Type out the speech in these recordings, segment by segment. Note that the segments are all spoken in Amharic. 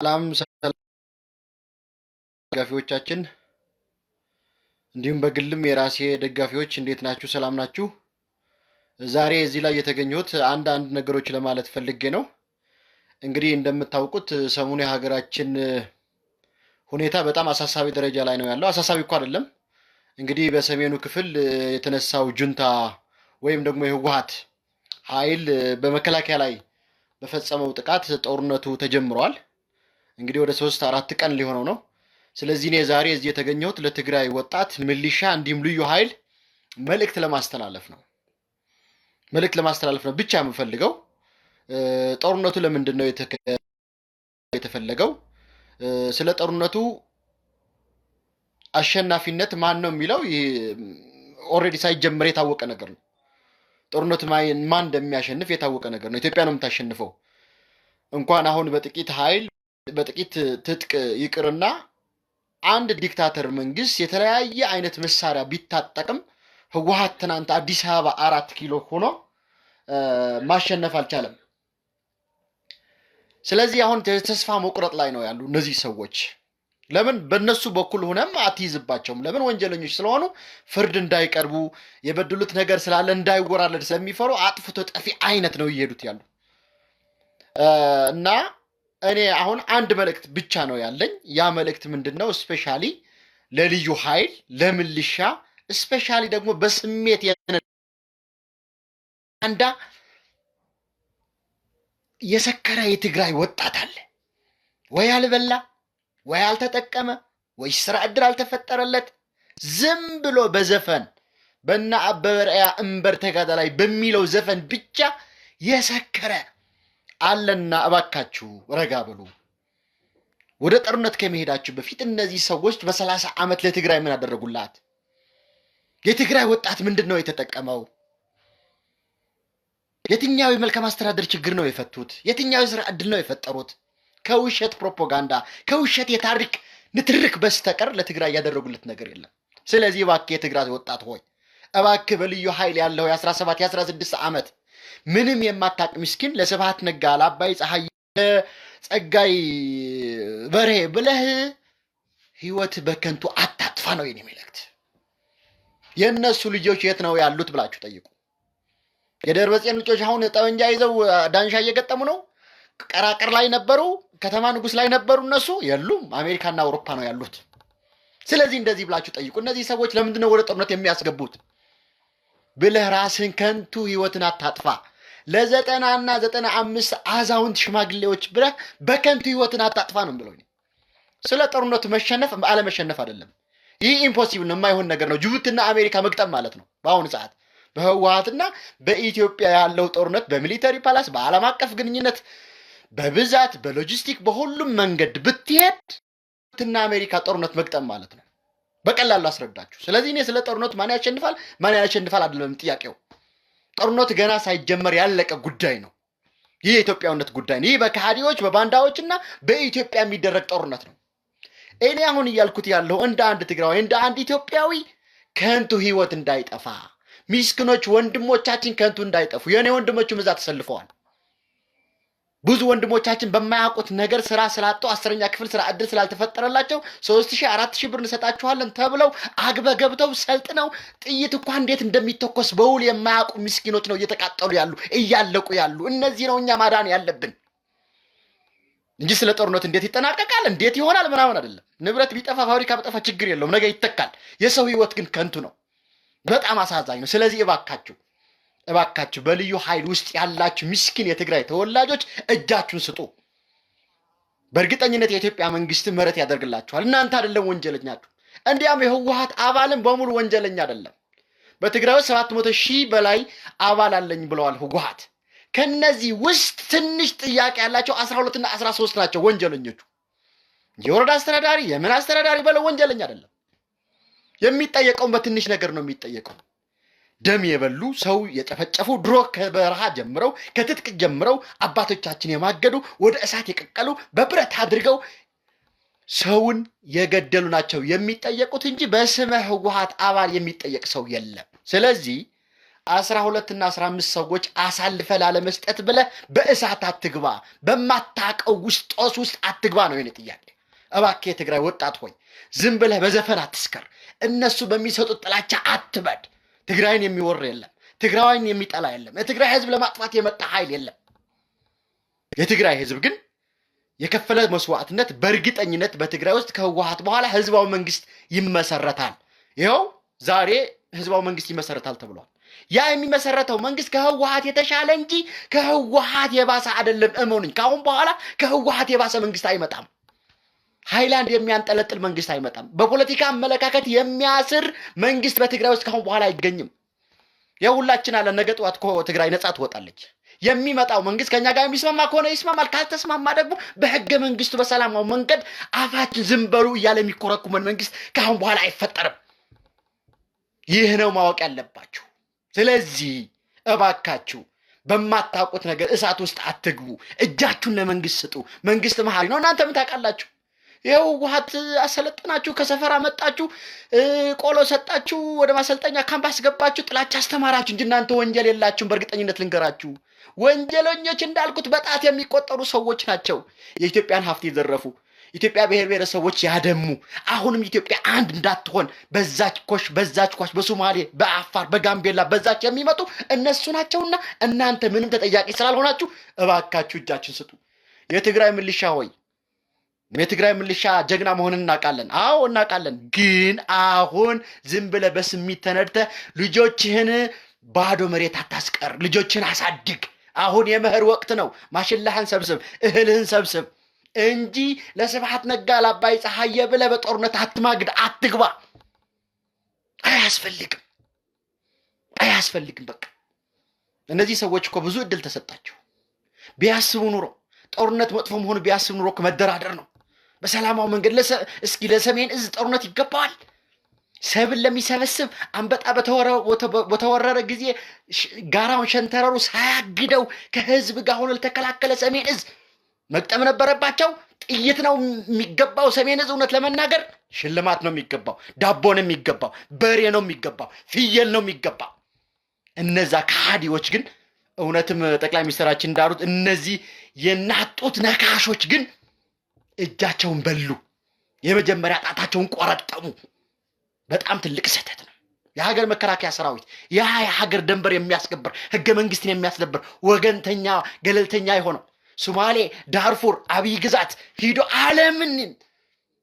ሰላም ደጋፊዎቻችን እንዲሁም በግልም የራሴ ደጋፊዎች እንዴት ናችሁ? ሰላም ናችሁ? ዛሬ እዚህ ላይ የተገኘሁት አንድ አንድ ነገሮች ለማለት ፈልጌ ነው። እንግዲህ እንደምታውቁት ሰሞኑ የሀገራችን ሁኔታ በጣም አሳሳቢ ደረጃ ላይ ነው ያለው። አሳሳቢ እኮ አይደለም እንግዲህ በሰሜኑ ክፍል የተነሳው ጁንታ ወይም ደግሞ የህወሀት ኃይል በመከላከያ ላይ በፈጸመው ጥቃት ጦርነቱ ተጀምረዋል። እንግዲህ ወደ ሶስት አራት ቀን ሊሆነው ነው። ስለዚህ እኔ ዛሬ እዚህ የተገኘሁት ለትግራይ ወጣት ሚሊሻ እንዲሁም ልዩ ኃይል መልእክት ለማስተላለፍ ነው። መልእክት ለማስተላለፍ ነው ብቻ የምፈልገው። ጦርነቱ ለምንድን ነው የተፈለገው? ስለ ጦርነቱ አሸናፊነት ማን ነው የሚለው ኦልሬዲ ሳይጀመር የታወቀ ነገር ነው። ጦርነቱ ማን እንደሚያሸንፍ የታወቀ ነገር ነው። ኢትዮጵያ ነው የምታሸንፈው። እንኳን አሁን በጥቂት ኃይል በጥቂት ትጥቅ ይቅርና አንድ ዲክታተር መንግስት የተለያየ አይነት መሳሪያ ቢታጠቅም ህወሀት ትናንት አዲስ አበባ አራት ኪሎ ሆኖ ማሸነፍ አልቻለም። ስለዚህ አሁን ተስፋ መቁረጥ ላይ ነው ያሉ እነዚህ ሰዎች። ለምን በእነሱ በኩል ሆነም አትይዝባቸውም? ለምን ወንጀለኞች ስለሆኑ ፍርድ እንዳይቀርቡ የበደሉት ነገር ስላለ እንዳይወራለድ ስለሚፈሩ አጥፍቶ ጠፊ አይነት ነው እየሄዱት ያሉ እና እኔ አሁን አንድ መልእክት ብቻ ነው ያለኝ። ያ መልእክት ምንድን ነው? ስፔሻሊ ለልዩ ኃይል ለምልሻ፣ ስፔሻሊ ደግሞ በስሜት አንዳ የሰከረ የትግራይ ወጣት አለ ወይ አልበላ ወይ አልተጠቀመ ወይ ስራ እድል አልተፈጠረለት ዝም ብሎ በዘፈን በና አበበ እንበር ተጋዳላይ በሚለው ዘፈን ብቻ የሰከረ አለና እባካችሁ ረጋ ብሉ። ወደ ጦርነት ከመሄዳችሁ በፊት እነዚህ ሰዎች በሰላሳ ዓመት ለትግራይ ምን አደረጉላት? የትግራይ ወጣት ምንድን ነው የተጠቀመው? የትኛው የመልካም አስተዳደር ችግር ነው የፈቱት? የትኛው የስራ ዕድል ነው የፈጠሩት? ከውሸት ፕሮፓጋንዳ፣ ከውሸት የታሪክ ንትርክ በስተቀር ለትግራይ ያደረጉለት ነገር የለም። ስለዚህ እባክህ የትግራይ ወጣት ሆይ እባክህ በልዩ ኃይል ያለው የ17 የ16 ዓመት ምንም የማታቅ ምስኪን ለስብሐት ነጋ ለአባይ ፀሐይ ጸጋይ በሬ ብለህ ህይወት በከንቱ አታጥፋ ነው የኔ መልእክት። የእነሱ ልጆች የት ነው ያሉት ብላችሁ ጠይቁ። የደርበጼን ልጆች አሁን ጠመንጃ ይዘው ዳንሻ እየገጠሙ ነው። ቀራቀር ላይ ነበሩ፣ ከተማ ንጉስ ላይ ነበሩ። እነሱ የሉም፣ አሜሪካና አውሮፓ ነው ያሉት። ስለዚህ እንደዚህ ብላችሁ ጠይቁ። እነዚህ ሰዎች ለምንድነው ወደ ጦርነት የሚያስገቡት? ብለህ ራስህን ከንቱ ህይወትን አታጥፋ። ለዘጠናና ዘጠና አምስት አዛውንት ሽማግሌዎች ብለህ በከንቱ ህይወትን አታጥፋ ነው ብለው። ስለ ጦርነቱ መሸነፍ አለመሸነፍ አይደለም። ይህ ኢምፖሲብል ነው፣ የማይሆን ነገር ነው። ጅቡትና አሜሪካ መግጠም ማለት ነው። በአሁኑ ሰዓት በህወሀትና በኢትዮጵያ ያለው ጦርነት በሚሊተሪ ፓላስ፣ በዓለም አቀፍ ግንኙነት፣ በብዛት በሎጂስቲክ፣ በሁሉም መንገድ ብትሄድ ጅቡትና አሜሪካ ጦርነት መግጠም ማለት ነው። በቀላሉ አስረዳችሁ። ስለዚህ እኔ ስለ ጦርነት ማን ያሸንፋል ማን ያሸንፋል አይደለም ጥያቄው። ጦርነት ገና ሳይጀመር ያለቀ ጉዳይ ነው። ይህ የኢትዮጵያዊነት ጉዳይ ነው። ይህ በካሃዲዎች በባንዳዎች እና በኢትዮጵያ የሚደረግ ጦርነት ነው። እኔ አሁን እያልኩት ያለው እንደ አንድ ትግራዊ እንደ አንድ ኢትዮጵያዊ ከንቱ ህይወት እንዳይጠፋ፣ ሚስኪኖች ወንድሞቻችን ከንቱ እንዳይጠፉ፣ የእኔ ወንድሞቹም እዛ ተሰልፈዋል። ብዙ ወንድሞቻችን በማያውቁት ነገር ስራ ስላጡ አስረኛ ክፍል ስራ እድል ስላልተፈጠረላቸው ሶስት ሺህ አራት ሺህ ብር እንሰጣችኋለን ተብለው አግበ ገብተው ሰልጥነው ጥይት እንኳ እንዴት እንደሚተኮስ በውል የማያውቁ ምስኪኖች ነው እየተቃጠሉ ያሉ እያለቁ ያሉ። እነዚህ ነው እኛ ማዳን ያለብን እንጂ ስለ ጦርነት እንዴት ይጠናቀቃል እንዴት ይሆናል ምናምን አይደለም። ንብረት ቢጠፋ ፋብሪካ ቢጠፋ ችግር የለውም ነገ ይተካል። የሰው ህይወት ግን ከንቱ ነው። በጣም አሳዛኝ ነው። ስለዚህ እባካችሁ እባካችሁ በልዩ ኃይል ውስጥ ያላችሁ ምስኪን የትግራይ ተወላጆች እጃችሁን ስጡ። በእርግጠኝነት የኢትዮጵያ መንግስት ምህረት ያደርግላችኋል። እናንተ አይደለም ወንጀለኛ እንዲያም የህወሀት አባልን በሙሉ ወንጀለኛ አይደለም። በትግራይ ውስጥ ሰባት መቶ ሺህ በላይ አባል አለኝ ብለዋል ህወሀት። ከነዚህ ውስጥ ትንሽ ጥያቄ ያላቸው አስራ ሁለትና አስራ ሶስት ናቸው ወንጀለኞቹ። የወረዳ አስተዳዳሪ የምን አስተዳዳሪ በለው ወንጀለኛ አይደለም። የሚጠየቀውም በትንሽ ነገር ነው የሚጠየቀው። ደም የበሉ ሰው የጨፈጨፉ ድሮ ከበረሃ ጀምረው ከትጥቅ ጀምረው አባቶቻችን የማገዱ ወደ እሳት የቀቀሉ በብረት አድርገው ሰውን የገደሉ ናቸው የሚጠየቁት እንጂ በስመ ህወሓት አባል የሚጠየቅ ሰው የለም። ስለዚህ አስራ ሁለትና አስራ አምስት ሰዎች አሳልፈ ላለመስጠት ብለ በእሳት አትግባ፣ በማታቀው ውስጥ ጦስ ውስጥ አትግባ ነው የኔ ጥያቄ። እባክህ የትግራይ ወጣት ሆይ ዝም ብለህ በዘፈን አትስከር፣ እነሱ በሚሰጡት ጥላቻ አትበድ። ትግራይን የሚወር የለም። ትግራዋይን የሚጠላ የለም። የትግራይ ህዝብ ለማጥፋት የመጣ ኃይል የለም። የትግራይ ህዝብ ግን የከፈለ መስዋዕትነት በእርግጠኝነት በትግራይ ውስጥ ከህወሀት በኋላ ህዝባዊ መንግስት ይመሰረታል። ይኸው ዛሬ ህዝባዊ መንግስት ይመሰረታል ተብሏል። ያ የሚመሰረተው መንግስት ከህወሀት የተሻለ እንጂ ከህወሀት የባሰ አይደለም። እመኑኝ፣ ከአሁን በኋላ ከህወሀት የባሰ መንግስት አይመጣም። ሃይላንድ የሚያንጠለጥል መንግስት አይመጣም። በፖለቲካ አመለካከት የሚያስር መንግስት በትግራይ ውስጥ ካሁን በኋላ አይገኝም። የሁላችን አለ ነገ ጠዋት እኮ ትግራይ ነጻ ትወጣለች። የሚመጣው መንግስት ከኛ ጋር የሚስማማ ከሆነ ይስማማል፣ ካልተስማማ ደግሞ በህገ መንግስቱ በሰላማዊ መንገድ አፋችን ዝም በሉ እያለ የሚኮረኩመን መንግስት ካሁን በኋላ አይፈጠርም። ይህ ነው ማወቅ ያለባችሁ። ስለዚህ እባካችሁ በማታውቁት ነገር እሳት ውስጥ አትግቡ። እጃችሁን ለመንግስት ስጡ። መንግስት መሀሪ ነው። እናንተም ታውቃላችሁ። ይኸው ውሀት አሰለጠናችሁ፣ ከሰፈር አመጣችሁ፣ ቆሎ ሰጣችሁ፣ ወደ ማሰልጠኛ ካምፕ አስገባችሁ፣ ጥላቻ አስተማራችሁ እንጂ እናንተ ወንጀል የላችሁም። በእርግጠኝነት ልንገራችሁ ወንጀለኞች እንዳልኩት በጣት የሚቆጠሩ ሰዎች ናቸው። የኢትዮጵያን ሀብት የዘረፉ ኢትዮጵያ ብሔር ብሔረሰቦች ያደሙ አሁንም ኢትዮጵያ አንድ እንዳትሆን በዛች ኮሽ በዛች ኳሽ በሶማሌ በአፋር በጋምቤላ በዛች የሚመጡ እነሱ ናቸውና እናንተ ምንም ተጠያቂ ስላልሆናችሁ እባካችሁ እጃችን ስጡ። የትግራይ ምልሻ ሆይ የትግራይ ምልሻ ጀግና መሆንን እናውቃለን። አዎ እናውቃለን። ግን አሁን ዝም ብለህ በስሜት ተነድተህ ልጆችህን ባዶ መሬት አታስቀር። ልጆችህን አሳድግ። አሁን የመኸር ወቅት ነው። ማሽላህን ሰብስብ፣ እህልህን ሰብስብ እንጂ ለስብሐት ነጋ ለአባይ ፀሐየ ብለህ በጦርነት አትማግድ፣ አትግባ። አያስፈልግም፣ አያስፈልግም። በቃ እነዚህ ሰዎች እኮ ብዙ እድል ተሰጣቸው። ቢያስቡ ኑሮ ጦርነት መጥፎ መሆኑ ቢያስብ ኑሮ መደራደር ነው። በሰላማዊ መንገድ እስኪ ለሰሜን እዝ ጦርነት ይገባል። ሰብን ለሚሰበስብ አንበጣ በተወረረ ጊዜ ጋራውን ሸንተረሩ ሳያግደው ከህዝብ ጋር ሆኖ ለተከላከለ ሰሜን እዝ መቅጠም ነበረባቸው። ጥይት ነው የሚገባው። ሰሜን እዝ እውነት ለመናገር ሽልማት ነው የሚገባው፣ ዳቦ ነው የሚገባው፣ በሬ ነው የሚገባው፣ ፍየል ነው የሚገባው። እነዛ ከሃዲዎች ግን እውነትም ጠቅላይ ሚኒስትራችን እንዳሉት እነዚህ የናጡት ነካሾች ግን እጃቸውን በሉ፣ የመጀመሪያ ጣታቸውን ቆረጠሙ። በጣም ትልቅ ስህተት ነው። የሀገር መከላከያ ሰራዊት ያ የሀገር ደንበር የሚያስከብር ህገ መንግስትን የሚያስደብር ወገንተኛ ገለልተኛ የሆነው ሶማሌ ዳርፉር አብይ ግዛት ሂዶ አለምን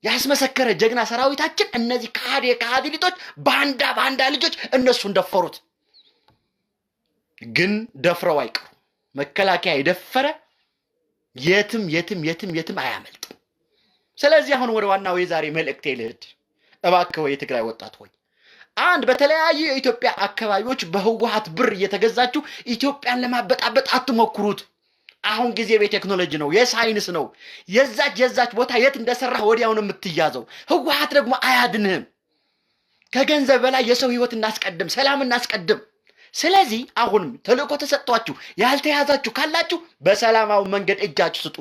ያስመሰከረ ጀግና ሰራዊታችን እነዚህ ከሃዲ የከሃዲ ልጆች ባንዳ ባንዳ ልጆች እነሱን ደፈሩት። ግን ደፍረው አይቀሩ። መከላከያ የደፈረ የትም የትም የትም የትም አያመልጥ። ስለዚህ አሁን ወደ ዋናው የዛሬ መልእክቴ ልሂድ። እባክህ የትግራይ ወጣት ሆይ አንድ በተለያዩ የኢትዮጵያ አካባቢዎች በህወሀት ብር እየተገዛችሁ ኢትዮጵያን ለማበጣበጥ አትሞክሩት። አሁን ጊዜ የቴክኖሎጂ ነው፣ የሳይንስ ነው። የዛች የዛች ቦታ የት እንደሰራ ወዲያውን የምትያዘው። ህወሀት ደግሞ አያድንህም። ከገንዘብ በላይ የሰው ህይወት እናስቀድም፣ ሰላም እናስቀድም። ስለዚህ አሁንም ተልእኮ ተሰጥቷችሁ ያልተያዛችሁ ካላችሁ በሰላማዊ መንገድ እጃችሁ ስጡ።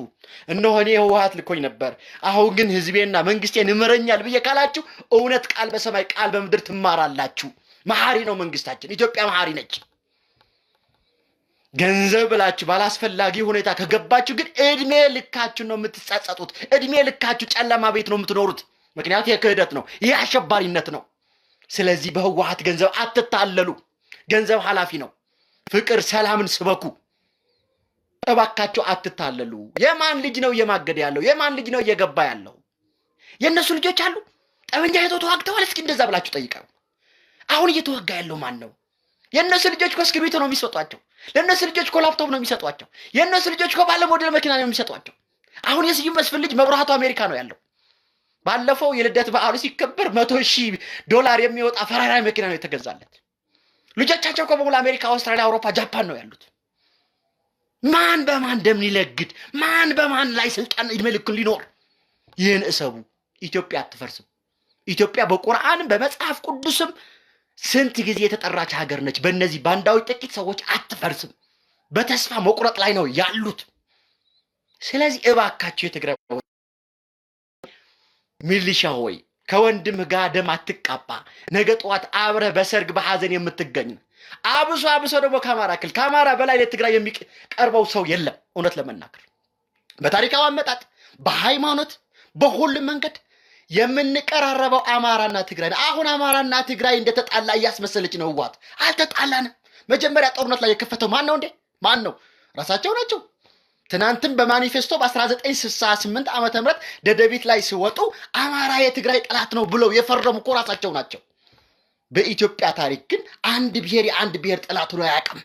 እነሆ እኔ ልኮኝ ነበር፣ አሁን ግን ህዝቤና መንግስቴን እምረኛል ብዬ ካላችሁ እውነት ቃል በሰማይ ቃል በምድር ትማራላችሁ። መሐሪ ነው መንግስታችን። ኢትዮጵያ መሐሪ ነች። ገንዘብ ብላችሁ ባላስፈላጊ ሁኔታ ከገባችሁ ግን እድሜ ልካችሁ ነው የምትጸጸጡት። እድሜ ልካችሁ ጨለማ ቤት ነው የምትኖሩት። ምክንያቱ የክህደት ነው፣ ይህ አሸባሪነት ነው። ስለዚህ በህወሀት ገንዘብ አትታለሉ። ገንዘብ ኃላፊ ነው። ፍቅር፣ ሰላምን ስበኩ። እባካቸው አትታለሉ። የማን ልጅ ነው እየማገደ ያለው? የማን ልጅ ነው እየገባ ያለው? የእነሱ ልጆች አሉ ጠበንጃ ይዘው ተዋግተዋል። እስኪ እንደዛ ብላችሁ ጠይቀው። አሁን እየተዋጋ ያለው ማን ነው? የእነሱ ልጆች እኮ እስክሪብቶ ነው የሚሰጧቸው። ለእነሱ ልጆች እኮ ላፕቶፕ ነው የሚሰጧቸው። የእነሱ ልጆች እኮ ባለ ሞዴል መኪና ነው የሚሰጧቸው። አሁን የስዩም መስፍን ልጅ መብራቱ አሜሪካ ነው ያለው። ባለፈው የልደት በዓሉ ሲከበር መቶ ሺህ ዶላር የሚወጣ ፈራራዊ መኪና ነው የተገዛለት። ልጆቻቸው ከበሙሉ አሜሪካ፣ አውስትራሊያ፣ አውሮፓ፣ ጃፓን ነው ያሉት። ማን በማን ደም ሊለግድ ማን በማን ላይ ስልጣን እድሜ ሊኖር? ይህን እሰቡ። ኢትዮጵያ አትፈርስም። ኢትዮጵያ በቁርአንም በመጽሐፍ ቅዱስም ስንት ጊዜ የተጠራች ሀገር ነች። በእነዚህ ባንዳዎች ጥቂት ሰዎች አትፈርስም። በተስፋ መቁረጥ ላይ ነው ያሉት። ስለዚህ እባካቸው የትግራይ ሚሊሻ ሆይ ከወንድምህ ጋር ደም አትቃባ። ነገ ጠዋት አብረህ በሰርግ በሐዘን የምትገኝ አብሶ አብሶ ደግሞ ከአማራ ክልል ከአማራ በላይ ለትግራይ የሚቀርበው ሰው የለም። እውነት ለመናገር በታሪካዊ አመጣጥ፣ በሃይማኖት፣ በሁሉም መንገድ የምንቀራረበው አማራና ትግራይ አሁን አማራና ትግራይ እንደተጣላ እያስመሰለች ነው ዋት አልተጣላንም። መጀመሪያ ጦርነት ላይ የከፈተው ማን ነው እንዴ? ማን ነው? ራሳቸው ናቸው። ትናንትም በማኒፌስቶ በ1968 ዓ ም ደደቢት ላይ ሲወጡ አማራ የትግራይ ጠላት ነው ብለው የፈረሙ እኮ ራሳቸው ናቸው። በኢትዮጵያ ታሪክ ግን አንድ ብሔር የአንድ ብሔር ጠላት ሆኖ አያውቅም።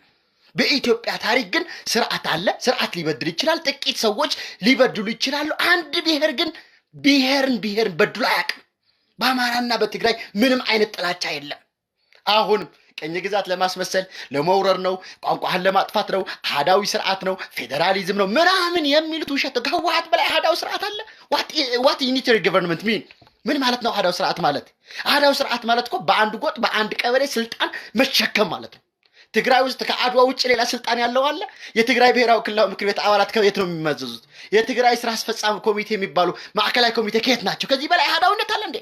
በኢትዮጵያ ታሪክ ግን ስርዓት አለ። ስርዓት ሊበድል ይችላል። ጥቂት ሰዎች ሊበድሉ ይችላሉ። አንድ ብሔር ግን ብሔርን ብሔርን በድሎ አያውቅም። በአማራና በትግራይ ምንም አይነት ጥላቻ የለም። አሁንም ቅኝ ግዛት ለማስመሰል ለመውረር ነው፣ ቋንቋህን ለማጥፋት ነው፣ አህዳዊ ስርዓት ነው፣ ፌዴራሊዝም ነው ምናምን የሚሉት ውሸት። ከህወሀት በላይ አህዳዊ ስርዓት አለ? ዋት ዩኒተሪ ገቨርንመንት ሚን ምን ማለት ነው? አህዳዊ ስርዓት ማለት አህዳዊ ስርዓት ማለት እኮ በአንድ ጎጥ በአንድ ቀበሌ ስልጣን መሸከም ማለት ነው። ትግራይ ውስጥ ከአድዋ ውጭ ሌላ ስልጣን ያለው አለ? የትግራይ ብሔራዊ ክልላዊ ምክር ቤት አባላት ከየት ነው የሚመዘዙት? የትግራይ ስራ አስፈጻሚ ኮሚቴ የሚባሉ ማዕከላዊ ኮሚቴ ከየት ናቸው? ከዚህ በላይ አህዳዊነት አለ እንዴ?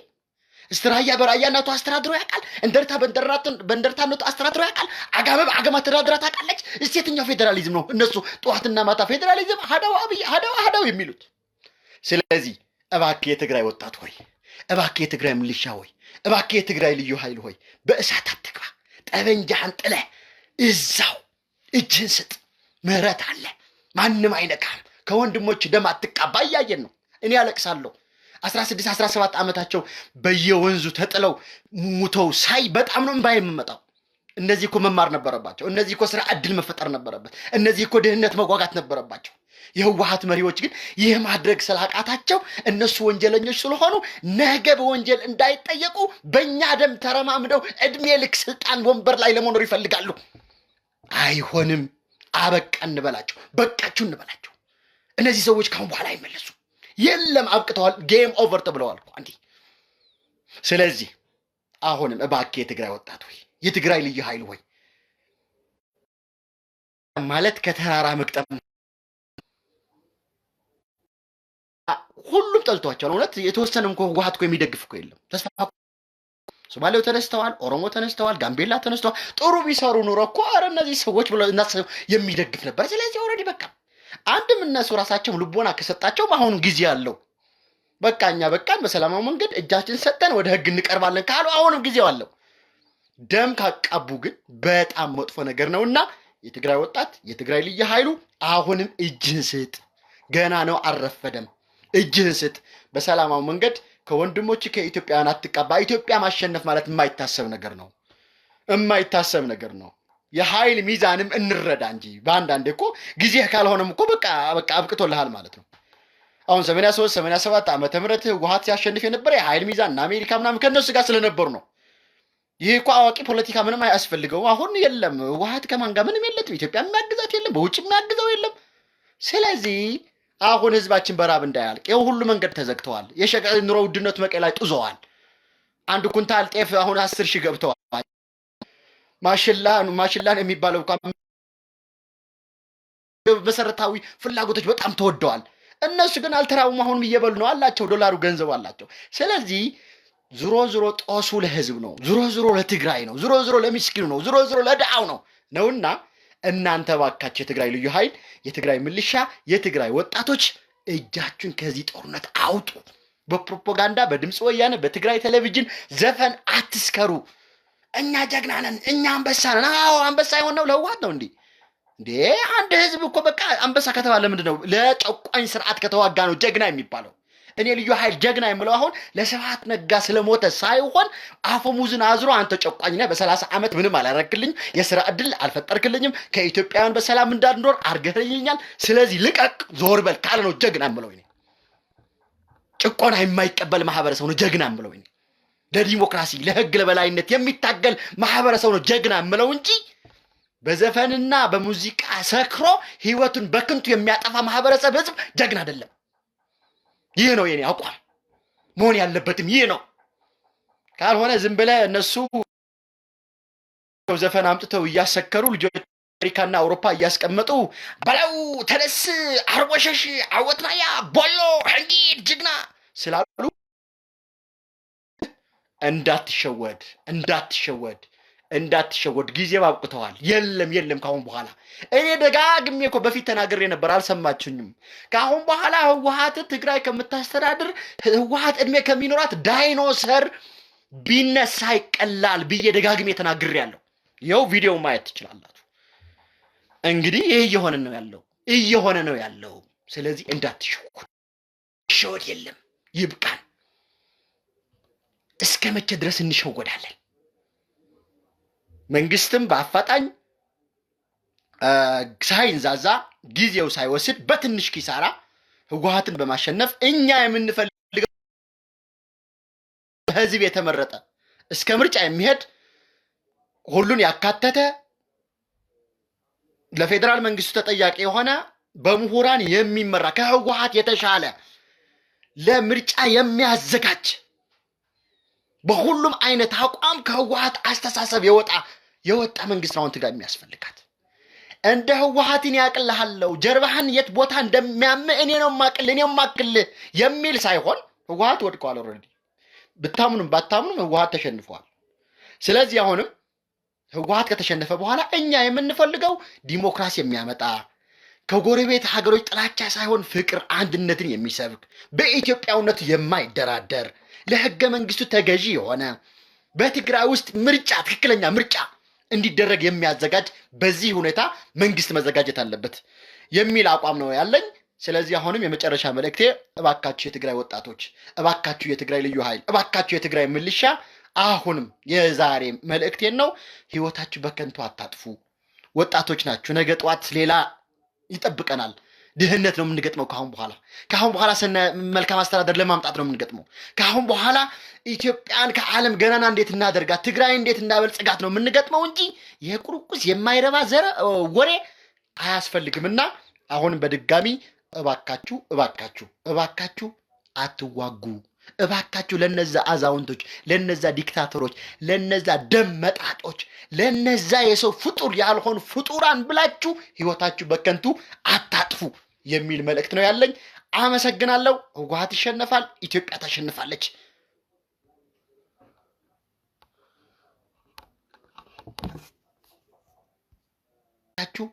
በራያ እናቱ አስተዳድሮ ያውቃል። እንደርታ በእንደርታነቱ አስተዳድሮ ያውቃል። አጋመብ አገማ ተዳድራ ታውቃለች። እስቲ የትኛው ፌዴራሊዝም ነው እነሱ ጠዋትና ማታ ፌዴራሊዝም ሀደው አብይ ሀደው ሀደው የሚሉት? ስለዚህ እባክህ የትግራይ ወጣት ሆይ፣ እባክህ የትግራይ ምልሻ ሆይ፣ እባክህ የትግራይ ልዩ ኃይል ሆይ፣ በእሳት አትግባ። ጠበንጃህን ጥለህ እዛው እጅህን ስጥ። ምህረት አለ፣ ማንም አይነካህም። ከወንድሞች ደም አትቃባ። እያየን ነው። እኔ አለቅሳለሁ። 16 17 ዓመታቸው በየወንዙ ተጥለው ሙተው ሳይ በጣም ነው እምባ የምመጣው። እነዚህ እኮ መማር ነበረባቸው። እነዚህ እኮ ስራ እድል መፈጠር ነበረበት። እነዚህ እኮ ድህነት መጓጋት ነበረባቸው። የህወሀት መሪዎች ግን ይህ ማድረግ ስላቃታቸው እነሱ ወንጀለኞች ስለሆኑ ነገ በወንጀል እንዳይጠየቁ በእኛ ደም ተረማምደው እድሜ ልክ ስልጣን ወንበር ላይ ለመኖር ይፈልጋሉ። አይሆንም። አበቃ እንበላቸው፣ በቃችሁ እንበላቸው። እነዚህ ሰዎች ካሁን በኋላ አይመለሱ። የለም አብቅተዋል፣ ጌም ኦቨር ተብለዋል። እንዲህ ስለዚህ አሁንም እባክህ የትግራይ ወጣት ወይ የትግራይ ልዩ ኃይል ወይ ማለት ከተራራ መቅጠም ሁሉም ጠልቷቸዋል። እውነት የተወሰነ እንኳ ህወሓት የሚደግፍ እኮ የለም። ተስፋ ሶማሌው ተነስተዋል፣ ኦሮሞ ተነስተዋል፣ ጋምቤላ ተነስተዋል። ጥሩ ቢሰሩ ኑሮ እኮ አረ እነዚህ ሰዎች ብሎ የሚደግፍ ነበር። ስለዚህ ኦልሬዲ በቃ አንድም እነሱ ራሳቸው ልቦና ከሰጣቸውም አሁን ጊዜ አለው። በቃ እኛ በቃን በሰላማዊ መንገድ እጃችን ሰጠን ወደ ህግ እንቀርባለን ካሉ አሁንም ጊዜው አለው። ደም ካቃቡ ግን በጣም መጥፎ ነገር ነው እና የትግራይ ወጣት የትግራይ ልዩ ኃይሉ አሁንም እጅህን ስጥ፣ ገና ነው አልረፈደም። እጅህን ስጥ በሰላማዊ መንገድ ከወንድሞች ከኢትዮጵያውያን አትቀባ። ኢትዮጵያ ማሸነፍ ማለት የማይታሰብ ነገር ነው፣ የማይታሰብ ነገር ነው። የኃይል ሚዛንም እንረዳ እንጂ በአንዳንዴ እኮ ጊዜህ ካልሆነም እኮ በቃ በቃ አብቅቶልሃል ማለት ነው። አሁን ሰማንያ 87 ሰባት ዓመተ ምህረት ህወሓት ሲያሸንፍ የነበረ የኃይል ሚዛን እና አሜሪካ ምናምን ከነሱ ጋር ስለነበሩ ነው። ይህ እኮ አዋቂ ፖለቲካ ምንም አያስፈልገውም። አሁን የለም ህወሓት ከማን ጋር ምንም የለትም። ኢትዮጵያ የሚያግዛት የለም፣ በውጭ የሚያግዘው የለም። ስለዚህ አሁን ህዝባችን በራብ እንዳያልቅ ይኸው ሁሉ መንገድ ተዘግተዋል። የሸቀጥ ኑሮ ውድነቱ መቀላይ ጡዘዋል። አንድ ኩንታል ጤፍ አሁን አስር ሺህ ገብተዋል። ማሽላ ማሽላን የሚባለው መሰረታዊ ፍላጎቶች በጣም ተወደዋል። እነሱ ግን አልተራቡም። አሁንም እየበሉ ነው አላቸው። ዶላሩ ገንዘብ አላቸው። ስለዚህ ዙሮ ዙሮ ጦሱ ለህዝብ ነው። ዙሮ ዙሮ ለትግራይ ነው። ዙሮ ዙሮ ለሚስኪኑ ነው። ዙሮ ዙሮ ለድሃው ነው ነውና እናንተ ባካቸው የትግራይ ልዩ ኃይል፣ የትግራይ ምልሻ፣ የትግራይ ወጣቶች እጃችሁን ከዚህ ጦርነት አውጡ። በፕሮፓጋንዳ በድምፅ ወያነ በትግራይ ቴሌቪዥን ዘፈን አትስከሩ። እኛ ጀግና ነን፣ እኛ አንበሳ ነን። አዎ አንበሳ የሆን ነው ነው እንዴ? እንዴ አንድ ህዝብ እኮ በቃ አንበሳ ከተባለ ምንድን ነው? ለጨቋኝ ስርዓት ከተዋጋ ነው ጀግና የሚባለው። እኔ ልዩ ኃይል ጀግና የምለው አሁን ለስብሐት ነጋ ስለሞተ ሳይሆን አፈሙዝን አዝሮ አንተ ጨቋኝ ነህ፣ በሰላሳ ዓመት ምንም አላረክልኝም፣ የስራ እድል አልፈጠርክልኝም፣ ከኢትዮጵያውያን በሰላም እንዳንኖር አድርገህልኛል፣ ስለዚህ ልቀቅ፣ ዞር በል ካለ ነው ጀግና የምለው። ጭቆና የማይቀበል ማህበረሰብ ነው ጀግና የምለው። ለዲሞክራሲ ለህግ ለበላይነት የሚታገል ማህበረሰብ ነው ጀግና የምለው እንጂ በዘፈንና በሙዚቃ ሰክሮ ህይወቱን በክንቱ የሚያጠፋ ማህበረሰብ ህዝብ ጀግና አይደለም። ይህ ነው የኔ አቋም፣ መሆን ያለበትም ይህ ነው። ካልሆነ ዝም ብለ እነሱ ዘፈን አምጥተው እያሰከሩ ልጆች አሜሪካና አውሮፓ እያስቀመጡ በለው ተነስ፣ አርቦሸሽ፣ አወትናያ፣ ቦሎ፣ ሕንጊድ ጅግና ስላሉ እንዳትሸወድ እንዳትሸወድ እንዳትሸወድ ጊዜ አብቅተዋል። የለም የለም፣ ካሁን በኋላ እኔ ደጋግሜ እኮ በፊት ተናግሬ ነበር፣ አልሰማችሁኝም። ካሁን በኋላ ህወሀት ትግራይ ከምታስተዳድር ህወሀት እድሜ ከሚኖራት ዳይኖሰር ቢነሳ ይቀላል ብዬ ደጋግሜ ተናግሬ ያለው ይኸው ቪዲዮ ማየት ትችላላችሁ። እንግዲህ ይህ እየሆነ ነው ያለው እየሆነ ነው ያለው። ስለዚህ እንዳትሸወድ፣ ሸወድ የለም፣ ይብቃል። እስከ መቼ ድረስ እንሸወዳለን? መንግስትም በአፋጣኝ ሳይንዛዛ ጊዜው ሳይወስድ በትንሽ ኪሳራ ህወሀትን በማሸነፍ እኛ የምንፈልገው በህዝብ የተመረጠ እስከ ምርጫ የሚሄድ ሁሉን ያካተተ ለፌዴራል መንግስቱ ተጠያቂ የሆነ በምሁራን የሚመራ ከህወሀት የተሻለ ለምርጫ የሚያዘጋጅ በሁሉም አይነት አቋም ከህወሀት አስተሳሰብ የወጣ የወጣ መንግስት አሁን ትጋት የሚያስፈልጋት እንደ ህወሀትን ያቅልሃለው ጀርባህን የት ቦታ እንደሚያም እኔ ነው ማቅል እኔ ማቅል የሚል ሳይሆን ህወሀት ወድቀዋል። ኦልሬዲ ብታምኑም ባታምኑም ህወሀት ተሸንፈዋል። ስለዚህ አሁንም ህወሀት ከተሸነፈ በኋላ እኛ የምንፈልገው ዲሞክራሲ የሚያመጣ ከጎረቤት ሀገሮች ጥላቻ ሳይሆን ፍቅር፣ አንድነትን የሚሰብክ በኢትዮጵያውነቱ የማይደራደር ለህገ መንግስቱ ተገዢ የሆነ በትግራይ ውስጥ ምርጫ ትክክለኛ ምርጫ እንዲደረግ የሚያዘጋጅ በዚህ ሁኔታ መንግስት መዘጋጀት አለበት የሚል አቋም ነው ያለኝ። ስለዚህ አሁንም የመጨረሻ መልእክቴ እባካችሁ የትግራይ ወጣቶች፣ እባካችሁ የትግራይ ልዩ ኃይል፣ እባካችሁ የትግራይ ምልሻ፣ አሁንም የዛሬ መልእክቴን ነው፣ ህይወታችሁ በከንቱ አታጥፉ። ወጣቶች ናችሁ። ነገ ጠዋት ሌላ ይጠብቀናል። ድህነት ነው የምንገጥመው። ከአሁን በኋላ ከአሁን በኋላ መልካም አስተዳደር ለማምጣት ነው የምንገጥመው። ከአሁን በኋላ ኢትዮጵያን ከዓለም ገናና እንዴት እናደርጋት፣ ትግራይ እንዴት እናበልጽጋት ነው የምንገጥመው እንጂ የቁርቁስ ቁርቁስ የማይረባ ዘረ ወሬ አያስፈልግም። እና አሁንም በድጋሚ እባካችሁ እባካችሁ እባካችሁ አትዋጉ። እባካችሁ ለነዛ አዛውንቶች፣ ለነዛ ዲክታተሮች፣ ለነዛ ደም መጣጦች ለነዛ የሰው ፍጡር ያልሆን ፍጡራን ብላችሁ ህይወታችሁ በከንቱ አታጥፉ። የሚል መልእክት ነው ያለኝ። አመሰግናለሁ። ህወሀት ይሸነፋል። ኢትዮጵያ ታሸንፋለች። ታችሁ